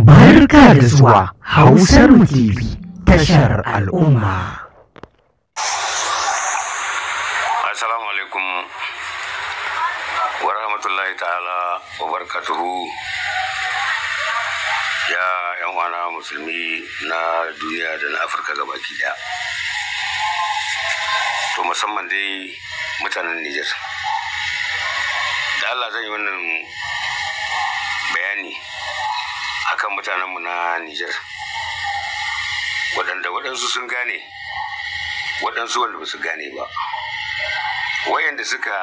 Barka da zuwa Hausar TV tashar al'umma. Assalamu alaikum wa rahmatullahi ta'ala wa barkatuhu. ya yan wana musulmi na duniya da na Afirka gabaki daya. To musamman dai mutanen Nijar. Da Allah zan yi wannan akan mutanenmu na Nijar waɗanda waɗansu sun gane waɗansu wanda ba su gane ba wayanda suka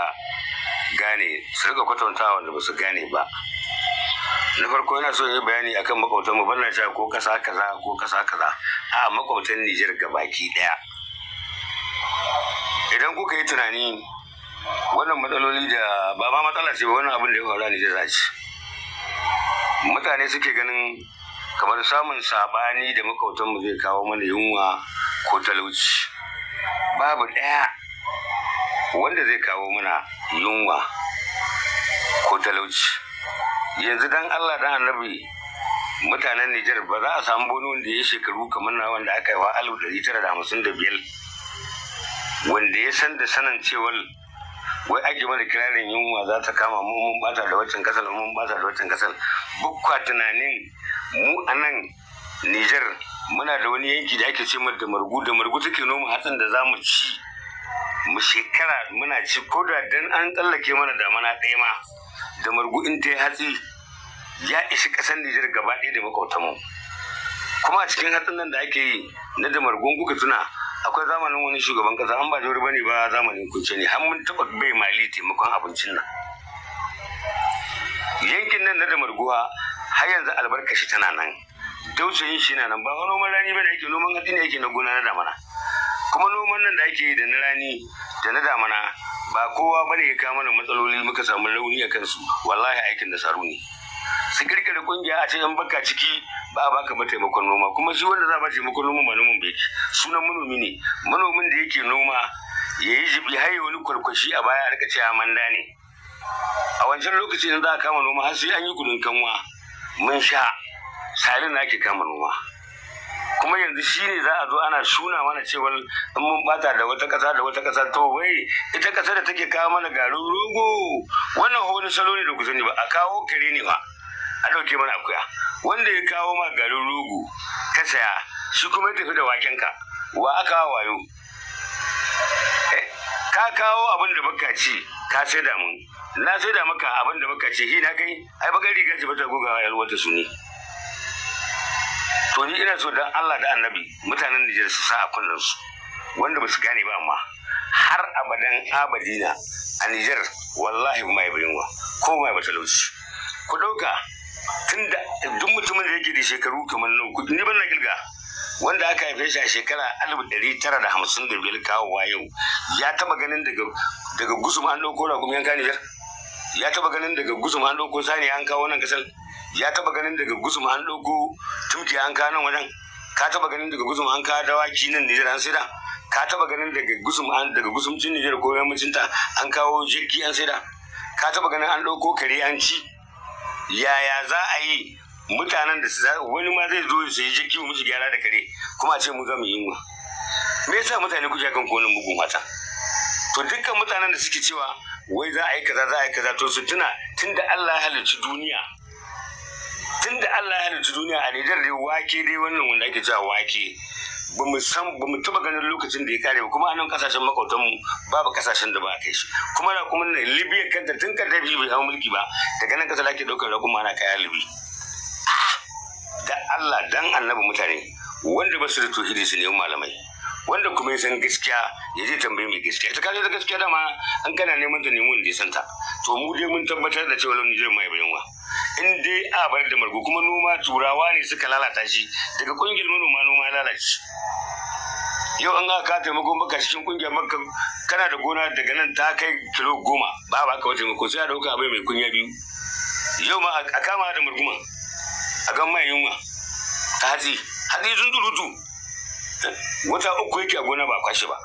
gane su riga kwatantawa wanda ba su gane ba na farko yana so yi bayani akan makwabtan mu bana cewa ko kasa kaza ko kasa kaza a makwabtan Nijar ga baki ɗaya. idan kuka yi tunani wannan matsaloli da ba ma matsala ce ba wannan abin da ya faru a Nijar ce mutane suke ganin kamar samun sabani da makautanmu zai kawo mana yunwa ko talauci babu ɗaya wanda zai kawo mana yunwa ko talauci yanzu dan allah dan annabi mutanen nijar ba za a samu bono wanda ya shekaru kamar na wanda aka yi wa alif ɗari tara da hamsin da biyar wanda ya san da sanin cewar wai ake mana kirarin yunwa za ta kama mun bata da waccan kasar mun bata da waccan kasar bukwa tunanin mu a nan Nijar muna da wani yanki da ake ce da margu da margu take noma hatsin da za mu ci mu shekara muna ci ko da dan an tsallake mana da damana ɗaya ma da margu in ta hatsi ya ishi ƙasar Nijar gaba ɗaya da makwautanmu kuma a cikin hatsin nan da ake yi na da margu kuka tuna akwai zamanin wani shugaban ƙasa an ba jori bane ba zamanin kunce ne har mun taɓa bai mali taimakon abincin nan yankin nan na da marguwa har yanzu albarkashi tana nan dausayin shi na nan ba noman rani ba da ake noman hatsi ne ake na gona na damana kuma noman nan da ake yi da na rani da na damana ba kowa ba ne ya kama mana matsaloli muka samu rauni a kansu wallahi aikin da nasaru ne su kirkira kungiya a ce yan baka ciki ba a baka mataimakon noma kuma shi wanda za ba taimakon noma ba noman bai sunan manomi ne manomin da yake noma ya yi jibi haye wani kwarkwashi a baya a rika ce amanda ne a wancan lokaci da za a kama noma har sai an yi gudun kanwa mun sha sare na ake kama noma kuma yanzu shi ne za a zo ana suna mana cewa in mun bata da wata kasa da wata kasa to wai ita kasa da take kawo mana garin rogo wannan wani salo ne da kusan sani ba a kawo kare ne ba a ɗauke mana akuya wanda ya kawo ma garin rogo ka saya shi kuma ya tafi da wakenka wa aka wayo ka kawo abin da baka ce ka sai da mun na sai da maka abin da baka ce hina kai ai baka riga ce bata gogawa yalwa ta su ne to ni ina so dan Allah da Annabi mutanen Niger su sa a kullun su wanda ba gane ba amma har abadan abadina a Nijar wallahi ba mai bayinwa ko mai ba talauci ku dauka tunda duk mutumin da yake da shekaru kamar nan ni ban na kilga wanda aka haife shi a shekara alif ɗari tara da hamsin da biyar kawowa yau ya taba ganin daga daga gusum an ɗauko da yanka nijar ya taba ganin daga gusum an ɗauko sani an kawo nan kasar ya taba ganin daga gusum an ɗauko tumki an kawo nan wajen ka taba ganin daga gusum an kawo dawaki nan Niger an da? ka taba ganin daga gusum an daga gusumcin nijar ko yammacin ta an kawo jirgi an sai da? ka taba ganin an ɗauko kare an ci yaya za a yi mutanen da su wani ma zai zo su yi jiki mu gyara da kare kuma a ce mu za mu yi mu me yasa mutane kuke kan konin bugun mata to dukkan mutanen da suke cewa wai za a yi kaza za a yi kaza to su tuna tunda Allah ya halicci duniya tunda Allah ya halicci duniya a Nijar dai wake dai wannan wanda ake cewa wake ba mu san ba mu taba ganin lokacin da ya kare kuma anan kasashen makautan mu babu kasashen da ba a kai shi kuma na kuma Libya kanta tun kanta bai hau mulki ba daga nan kasa ake daukar rakuma ana kaya Libya da Allah dan annabi mutane wanda ba su da tauhidi su nemi malamai wanda kuma san gaskiya ya je tambaye mai gaskiya ita kaje da gaskiya da ma, an kana neman ta nemi wanda ya santa to mu dai mun tabbatar da cewa lamun jiya mai bayanwa in dai a bar da margo kuma noma turawa ne suka lalata shi daga kungiyar manoma noma ya lalace yau an ka taimako maka cikin kungiyar maka kana da gona daga nan ta kai kilo goma ba ba ka taimako sai a dauka abai mai kunya biyu yau ma a kama da murguma a ga mai yunwa ta hatsi hatsi zunzurutu wata uku yake a gona ba kwashe ba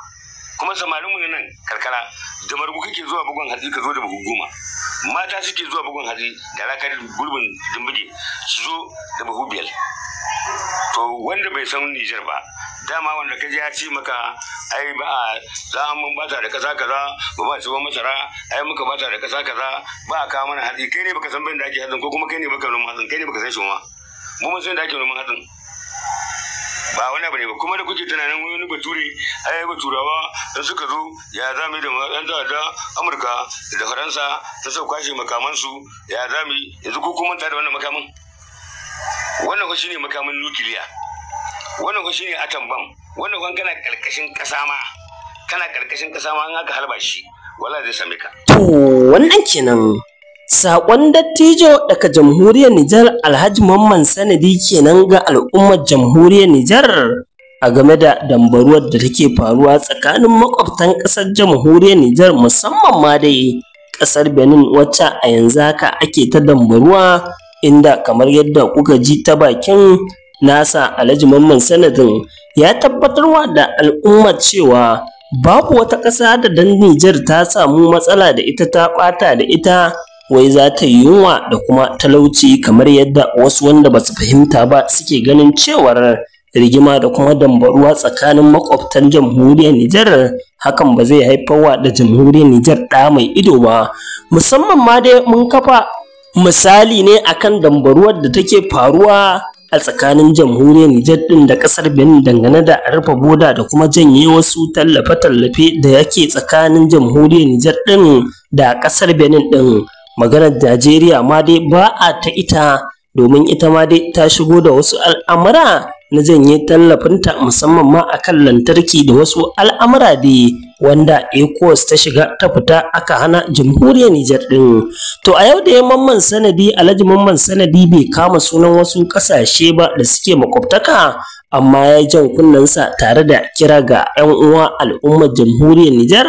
kuma samarin mu nan karkara da margu kake zuwa bugun hatsi ka zo da bugun goma mata suke zuwa bugun hatsi da rakar gurbin dimbiji su zo da buhu biyar to wanda bai san Nijar ba dama wanda kaji ya ce maka ai ba a za mun bata da kasa kaza ba ba su ba masara ai muka bata da kasa kaza ba a kawo mana hatsi kai ne baka san bin da ake hadin, ko kuma kai ne baka noman hadin, kai ne baka san shi ma mu mun san da ake noman hadin. ba wani abu ne ba kuma da kuke tunanin wani bature ai baturawa da suka zo ya zami da yan da amurka da faransa ta sau kwashe su ya zami yanzu ko kuma ta da wannan makamin wannan ko shine makamin nukiliya wannan ko shine atom bomb wannan kwan kana karkashin kasa ma kana karkashin kasa ma an haka halba shi wala zai same ka to wannan kenan Saƙon dattijo daga jamhuriyar Nijar Alhaji Mamman Sanadi kenan ga al'ummar jamhuriyar Nijar a game da dambaruwar da take faruwa tsakanin makwabtan ƙasar jamhuriyar Nijar musamman ma dai ƙasar Benin wacce a yanzu haka ake ta dambaruwa inda kamar yadda kuka ji ta bakin nasa alhaji mamman sanadin ya tabbatarwa da al'umma cewa babu wata ƙasa da dan Nijar ta samu matsala da ita ta ɓata da ita wai za ta yi yunwa da kuma talauci kamar yadda wasu wanda ba su fahimta ba suke ganin cewar rigima da kuma dambaruwa tsakanin makwabtan jamhuriyar Nijar hakan ba zai haifarwa da jamhuriyar Nijar ɗa mai ido ba musamman ma dai mun kafa misali ne akan dambaruwar da take faruwa a tsakanin jamhuriyar Nijar ɗin da ƙasar Benin dangane da rufe boda da kuma janye wasu tallafe-tallafe da yake tsakanin jamhuriyar Nijar ɗin da ƙasar Benin ɗin. Maganar Najeriya ma dai ba a ta ita domin ita ma dai ta shigo da wasu al'amura na janye tallafinta musamman ma akan lantarki da wasu al'amura dai wanda ECOWAS ta shiga ta fita aka hana jamhuriyar Nijar din. To a yau da ya mamman sanadi Alhaji mamman sanadi bai kama sunan wasu ƙasashe ba da suke makwabtaka amma ya yi jan kunnensa tare da kira ga 'yan uwa al'ummar jamhuriyar Nijar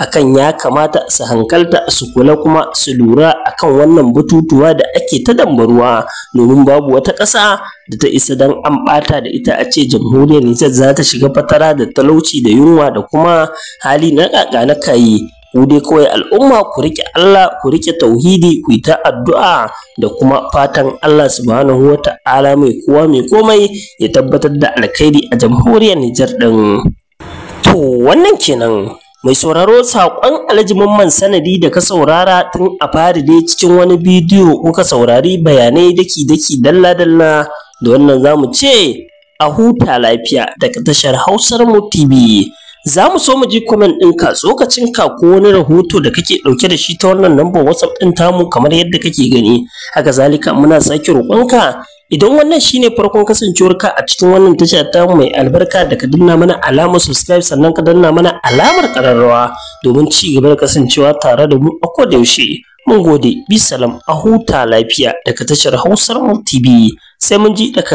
akan ya kamata su hankalta su kula kuma su lura akan wannan batutuwa da ake ta dambaruwa domin babu wata ƙasa da ta isa don an ɓata da ita a ce jamhuriyar Nijar za ta shiga fatara da talauci da yunwa da kuma hali na ƙaƙa na kayi ku dai kawai al'umma ku riƙe Allah ku riƙe tauhidi ku yi ta addu'a da kuma fatan Allah subhanahu wa ta'ala mai kowa mai komai ya tabbatar da alkhairi a jamhuriyar Nijar ɗin. To wannan kenan mai sauraro saƙon alhaji mamman sanadi da ka saurara tun a fari dai cikin wani bidiyo kuka saurari bayanai daki-daki dalla-dalla da wannan zamu ce a huta lafiya daga tashar Hausar mu TV. za mu so mu ji comment ɗinka ka, ko wani rahoto da kake ɗauke da shi ta wannan number whatsapp ɗin tamu kamar yadda kake gani haka zalika muna sake roƙonka idan wannan shine farkon kasancewar ka a cikin wannan tasha ta mai albarka da ka danna mana alamar subscribe sannan ka danna mana alamar ƙararrawa domin ci gaba da kasancewa tare da mu a yaushe. mun gode bisalam a huta lafiya daga tashar hausar tv sai mun ji daga